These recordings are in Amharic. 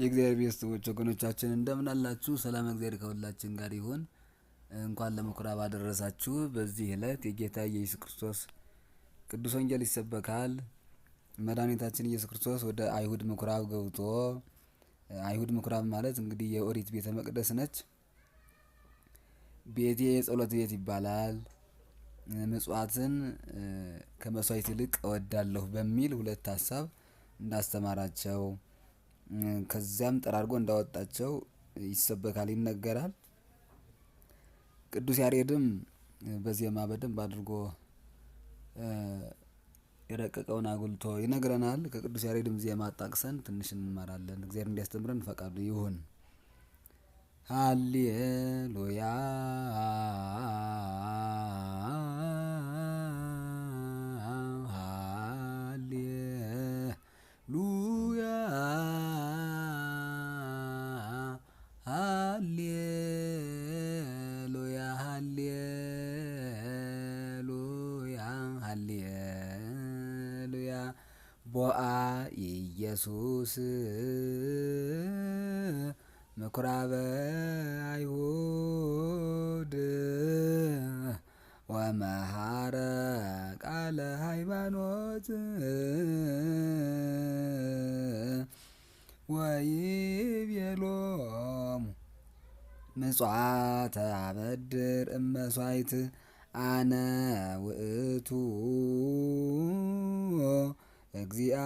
የእግዚአብሔር ቤተሰቦች ወገኖቻችን እንደምን አላችሁ? ሰላም እግዚአብሔር ከሁላችን ጋር ይሁን። እንኳን ለምኩራብ አደረሳችሁ። በዚህ ዕለት የጌታ የኢየሱስ ክርስቶስ ቅዱስ ወንጌል ይሰበካል። መድኃኒታችን ኢየሱስ ክርስቶስ ወደ አይሁድ ምኩራብ ገብቶ አይሁድ ምኩራብ ማለት እንግዲህ የኦሪት ቤተ መቅደስ ነች። ቤቴ የጸሎት ቤት ይባላል። ምጽዋትን ከመስዋዕት ይልቅ እወዳለሁ በሚል ሁለት ሀሳብ እንዳስተማራቸው ከዚያም ጠራርጎ እንዳወጣቸው ይሰበካል፣ ይነገራል። ቅዱስ ያሬድም በዜማ በደንብ አድርጎ የረቀቀውን አጉልቶ ይነግረናል። ከቅዱስ ያሬድም ዜማ ጣቅሰን ትንሽ እንማራለን። እግዚአብሔር እንዲያስተምረን ፈቃዱ ይሁን። ሃሌሉያ ቦአ ኢየሱስ ምኩራበ አይሁድ ወመሃረ ቃለ ሃይማኖት ወይቤሎሙ ምጽዋተ አበድር እመሷይት አነ ውእቱ እግዚአ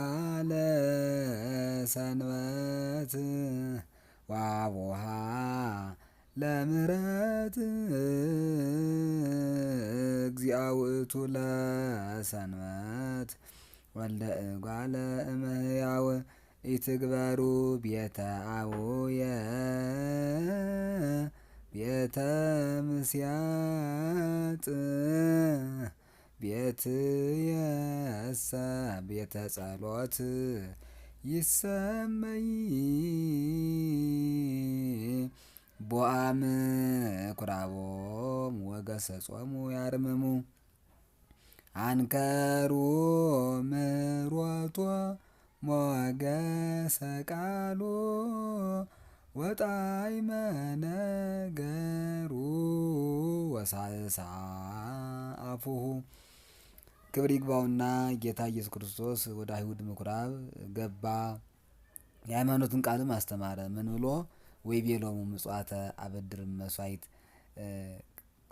ለሰንበት ወአቡሃ ለምረት እግዚአ ውእቱ ለሰንበት ወልደ እጓለ እመሕያው ኢትግበሩ ቤተ አቡየ ቤተ ምስያጥ ቤት ቤተ ጸሎት ይሰመይ ቦአም ኩራቦም ወገሰጾሙ ያርምሙ አንከሩ ምሮቶ ሞገሰ ወጣይ ወጣዕመ ነገሩ ወሳሳ አፉሁ ክብር ይግባውና ጌታ ኢየሱስ ክርስቶስ ወደ አይሁድ ምኩራብ ገባ፣ የሃይማኖትን ቃልም አስተማረ። ምን ብሎ ወይ ቤሎሙ ምጽዋተ አበድር መስዋዕት፣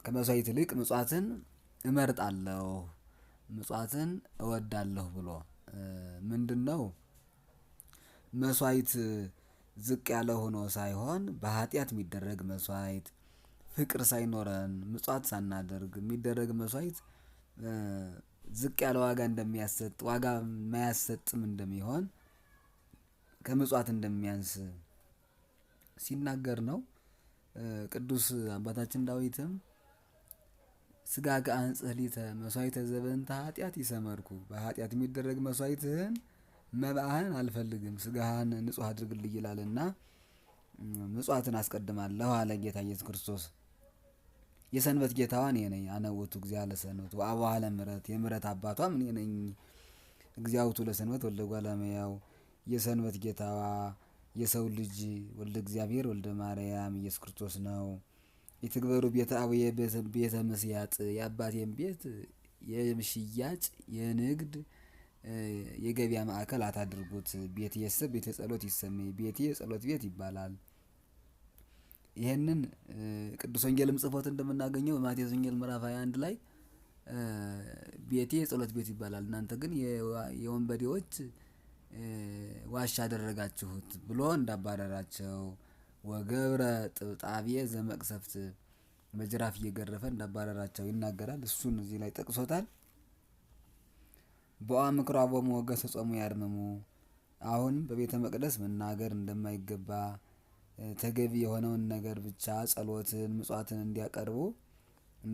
ከመስዋዕት ይልቅ ምጽዋትን እመርጣለሁ፣ ምጽዋትን እወዳለሁ ብሎ ምንድን ነው መስዋዕት ዝቅ ያለ ሆኖ ሳይሆን በኃጢአት የሚደረግ መስዋዕት ፍቅር ሳይኖረን ምጽዋት ሳናደርግ የሚደረግ መስዋዕት ዝቅ ያለ ዋጋ እንደሚያሰጥ ዋጋ ማያሰጥም እንደሚሆን ከምጽዋት እንደሚያንስ ሲናገር ነው። ቅዱስ አባታችን ዳዊትም ስጋ ሊተ መስዋዕተ ዘበንተ ኃጢአት ይሰመርኩ በኃጢአት የሚደረግ መስዋዕትህን መባህን አልፈልግም ስጋህን ንጹሕ አድርግልኝ ይላልና ምጽዋትን አስቀድማለሁ አለ ጌታ ኢየሱስ ክርስቶስ። የሰንበት ጌታዋ እኔ ነኝ። አነውቱ እግዚአ ለሰንበት ወአቡሃ ምረት የምረት አባቷም እኔ ነኝ። እግዚአውቱ ለሰንበት ወልደ እጓለ የሰንበት ጌታዋ የሰው ልጅ ወልደ እግዚአብሔር ወልደ ማርያም ኢየሱስ ክርስቶስ ነው። የትግበሩ ቤተ አቡየ ቤተ መስያጥ፣ የአባቴን ቤት የሽያጭ የንግድ የገበያ ማዕከል አታድርጉት። ቤት የስብ ቤተ ጸሎት ይሰሜ፣ ቤት የጸሎት ቤት ይባላል። ይህንን ቅዱስ ወንጌልም ጽፎት እንደምናገኘው በማቴዎስ ወንጌል ምዕራፍ 21 ላይ ቤቴ የጸሎት ቤት ይባላል፣ እናንተ ግን የወንበዴዎች ዋሻ አደረጋችሁት ብሎ እንዳባረራቸው ወገብረ ጥብጣቤ ዘመቅሰፍት በጅራፍ እየገረፈ እንዳባረራቸው ይናገራል። እሱን እዚህ ላይ ጠቅሶታል። በዋ ምክራቦሙ ወገሰ ጾሙ ያርምሙ። አሁን በቤተ መቅደስ መናገር እንደማይገባ ተገቢ የሆነውን ነገር ብቻ ጸሎትን፣ ምጽዋትን እንዲያቀርቡ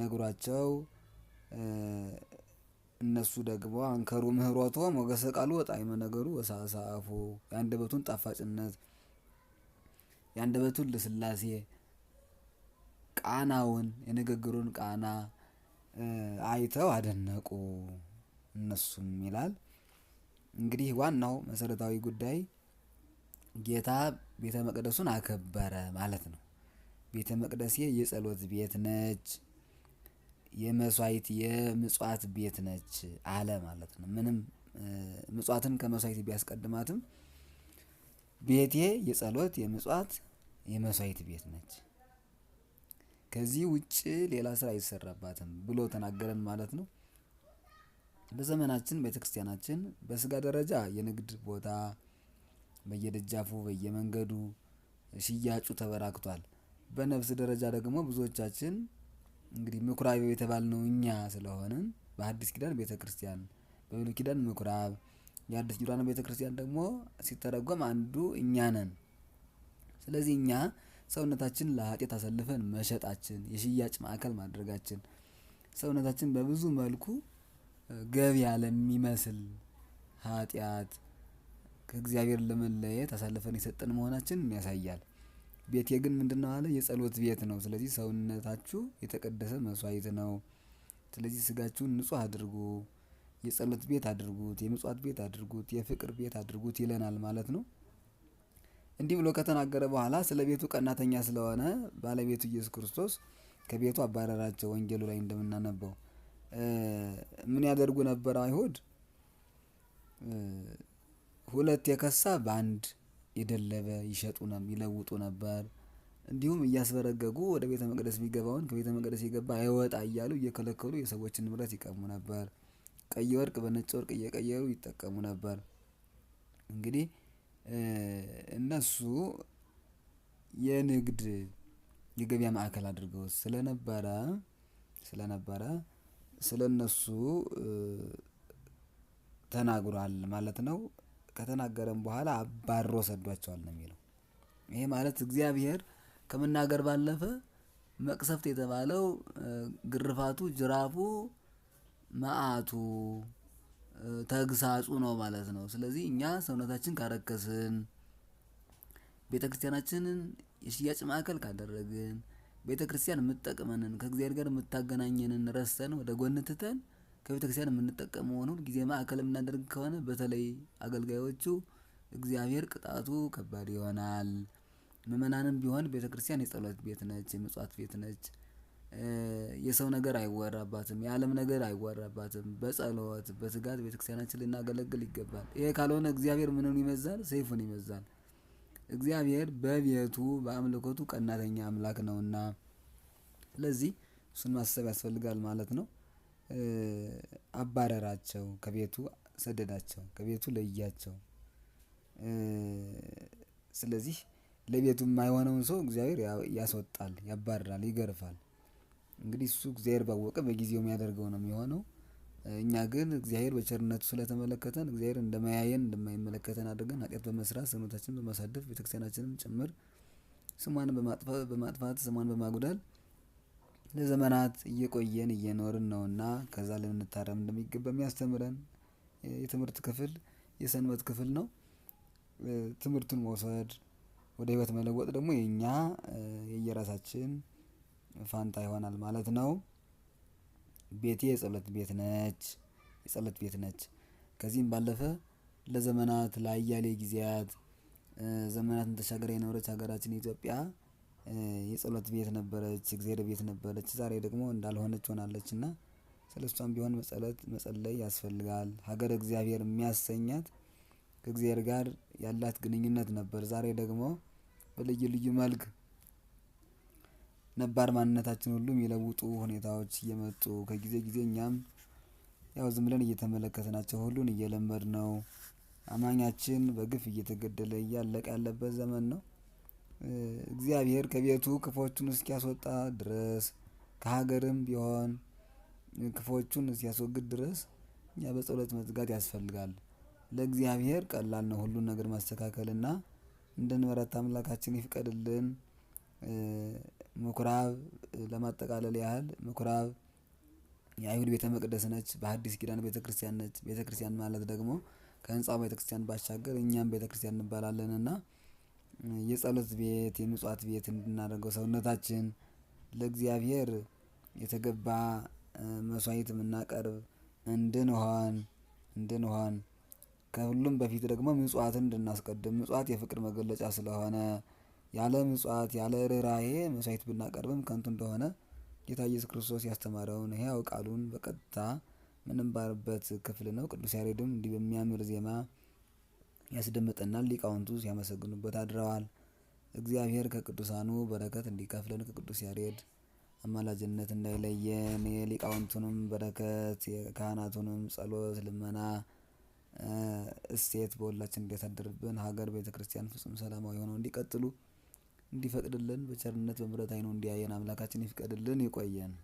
ነግሯቸው እነሱ ደግሞ አንከሩ ምህሮቶ ሞገሰ ቃሉ ወጣይመ ነገሩ ወሳሳፉ የአንድ የአንደበቱን ጣፋጭነት የአንደበቱን ልስላሴ ቃናውን የንግግሩን ቃና አይተው አደነቁ እነሱም ይላል። እንግዲህ ዋናው መሰረታዊ ጉዳይ ጌታ ቤተ መቅደሱን አከበረ ማለት ነው። ቤተ መቅደሴ የጸሎት ቤት ነች፣ የመስዋዕት የምጽዋት ቤት ነች አለ ማለት ነው። ምንም ምጽዋትን ከመስዋዕት ቢያስቀድማትም ቤቴ የጸሎት የምጽዋት የመስዋዕት ቤት ነች፣ ከዚህ ውጭ ሌላ ስራ አይሰራባትም ብሎ ተናገረን ማለት ነው። በዘመናችን ቤተክርስቲያናችን በስጋ ደረጃ የንግድ ቦታ በየደጃፉ በየመንገዱ ሽያጩ ተበራክቷል። በነፍስ ደረጃ ደግሞ ብዙዎቻችን እንግዲህ ምኩራብ የተባልነው እኛ ስለሆንን በአዲስ ኪዳን ቤተ ክርስቲያን በብሉይ ኪዳን ምኩራብ የአዲስ ኪዳን ቤተ ክርስቲያን ደግሞ ሲተረጎም አንዱ እኛ ነን። ስለዚህ እኛ ሰውነታችን ለኃጢአት አሳልፈን መሸጣችን የሽያጭ ማዕከል ማድረጋችን ሰውነታችን በብዙ መልኩ ገቢያ ለሚመስል ኃጢአት ከእግዚአብሔር ለመለየት አሳልፈን የሰጠን መሆናችንን ያሳያል። ቤቴ ግን ምንድነው አለ? የጸሎት ቤት ነው። ስለዚህ ሰውነታችሁ የተቀደሰ መስዋዕት ነው። ስለዚህ ስጋችሁን ንጹህ አድርጉ፣ የጸሎት ቤት አድርጉት፣ የምጽዋት ቤት አድርጉት፣ የፍቅር ቤት አድርጉት ይለናል ማለት ነው። እንዲህ ብሎ ከተናገረ በኋላ ስለ ቤቱ ቀናተኛ ስለሆነ ባለቤቱ ኢየሱስ ክርስቶስ ከቤቱ አባረራቸው። ወንጌሉ ላይ እንደምናነበው ምን ያደርጉ ነበር አይሁድ ሁለት የከሳ በአንድ የደለበ ይሸጡ ይለውጡ ነበር። እንዲሁም እያስበረገጉ ወደ ቤተ መቅደስ የሚገባውን ከቤተ መቅደስ የገባ አይወጣ እያሉ እየከለከሉ የሰዎችን ንብረት ይቀሙ ነበር። ቀይ ወርቅ በነጭ ወርቅ እየቀየሩ ይጠቀሙ ነበር። እንግዲህ እነሱ የንግድ የገበያ ማዕከል አድርገው ስለነበረ ስለነበረ ስለ እነሱ ተናግሯል ማለት ነው። ከተናገረም በኋላ አባሮ ሰዷቸዋል ነው የሚለው። ይሄ ማለት እግዚአብሔር ከመናገር ባለፈ መቅሰፍት የተባለው ግርፋቱ፣ ጅራፉ፣ መዓቱ፣ ተግሳጹ ነው ማለት ነው። ስለዚህ እኛ ሰውነታችን ካረከስን፣ ቤተ ክርስቲያናችንን የሽያጭ ማዕከል ካደረግን፣ ቤተ ክርስቲያን የምትጠቅመንን ከእግዚአብሔር ጋር የምታገናኘንን ረስተን ወደ ጎን ትተን ከቤተክርስቲያን የምንጠቀመው ሆነ ጊዜ ማዕከል የምናደርግ ከሆነ በተለይ አገልጋዮቹ እግዚአብሔር ቅጣቱ ከባድ ይሆናል። ምእመናንም ቢሆን ቤተክርስቲያን የጸሎት ቤት ነች፣ የምጽዋት ቤት ነች። የሰው ነገር አይወራባትም፣ የዓለም ነገር አይወራባትም። በጸሎት በትጋት ቤተክርስቲያናችን ልናገለግል ይገባል። ይሄ ካልሆነ እግዚአብሔር ምንን ይመዛል? ሰይፉን ይመዛል። እግዚአብሔር በቤቱ በአምልኮቱ ቀናተኛ አምላክ ነውና ስለዚህ እሱን ማሰብ ያስፈልጋል ማለት ነው። አባረራቸው ከቤቱ ሰደዳቸው ከቤቱ ለያቸው። ስለዚህ ለቤቱ የማይሆነውን ሰው እግዚአብሔር ያስወጣል ያባረራል፣ ይገርፋል። እንግዲህ እሱ እግዚአብሔር ባወቀ በጊዜው የሚያደርገው ነው የሚሆነው። እኛ ግን እግዚአብሔር በቸርነቱ ስለተመለከተን እግዚአብሔር እንደማያየን እንደማይመለከተን አድርገን ኃጢአት በመስራት ሰውነታችንን በማሳደፍ ቤተክርስቲያናችንም ጭምር ስሟን በማጥፋት ስሟን በማጉዳል ለዘመናት እየቆየን እየኖርን ነውና ከዛ ልንታረም እንደሚገባ የሚያስተምረን የትምህርት ክፍል የሰንበት ክፍል ነው። ትምህርቱን መውሰድ ወደ ህይወት መለወጥ ደግሞ የኛ የየራሳችን ፋንታ ይሆናል ማለት ነው። ቤቴ የጸሎት ቤት ነች የጸሎት ቤት ነች። ከዚህም ባለፈ ለዘመናት ለአያሌ ጊዜያት ዘመናትን ተሻግራ የኖረች ሀገራችን ኢትዮጵያ የጸሎት ቤት ነበረች እግዚአብሔር ቤት ነበረች ዛሬ ደግሞ እንዳልሆነች ሆናለች። እና ስለሷም ቢሆን በጸሎት መጸለይ ያስፈልጋል። ሀገር እግዚአብሔር የሚያሰኛት ከእግዚአብሔር ጋር ያላት ግንኙነት ነበር። ዛሬ ደግሞ በልዩ ልዩ መልክ ነባር ማንነታችን ሁሉ የሚለውጡ ሁኔታዎች እየመጡ ከጊዜ ጊዜ እኛም ያው ዝም ብለን እየተመለከትናቸው ሁሉን እየለመድ ነው። አማኛችን በግፍ እየተገደለ እያለቀ ያለበት ዘመን ነው እግዚአብሔር ከቤቱ ክፎቹን እስኪያስወጣ ድረስ ከሀገርም ቢሆን ክፎቹን እስኪያስወግድ ድረስ እኛ በጸሎት መትጋት ያስፈልጋል። ለእግዚአብሔር ቀላል ነው ሁሉን ነገር ማስተካከልና እንድንበረታ አምላካችን ይፍቀድልን። ምኩራብ ለማጠቃለል ያህል ምኩራብ የአይሁድ ቤተ መቅደስ ነች፣ በሐዲስ ኪዳን ቤተ ክርስቲያን ነች። ቤተ ክርስቲያን ማለት ደግሞ ከህንፃው ቤተ ክርስቲያን ባሻገር እኛም ቤተ ክርስቲያን እንባላለንና የጸሎት ቤት የምጽዋት ቤት እንድናደርገው ሰውነታችን ለእግዚአብሔር የተገባ መስዋዕት የምናቀርብ እንድንሆን እንድንሆን ከሁሉም በፊት ደግሞ ምጽዋትን እንድናስቀድም ምጽዋት የፍቅር መገለጫ ስለሆነ ያለ ምጽዋት ያለ ርኅራኄ መስዋዕት ብናቀርብም ከንቱ እንደሆነ ጌታ ኢየሱስ ክርስቶስ ያስተማረውን ሕያው ቃሉን በቀጥታ ምንባርበት ክፍል ነው። ቅዱስ ያሬድም እንዲህ በሚያምር ዜማ ያስደምጠናል። ሊቃውንቱ ሲያመሰግኑበት አድረዋል። እግዚአብሔር ከቅዱሳኑ በረከት እንዲከፍለን ከቅዱስ ያሬድ አማላጅነት እንዳይለየን የሊቃውንቱንም በረከት የካህናቱንም ጸሎት፣ ልመና፣ እሴት በሁላችን እንዲያሳድርብን ሀገር፣ ቤተ ክርስቲያን ፍጹም ሰላማዊ ሆነው እንዲቀጥሉ እንዲፈቅድልን በቸርነት በምሕረት አይኖ እንዲያየን አምላካችን ይፍቀድልን። ይቆየን።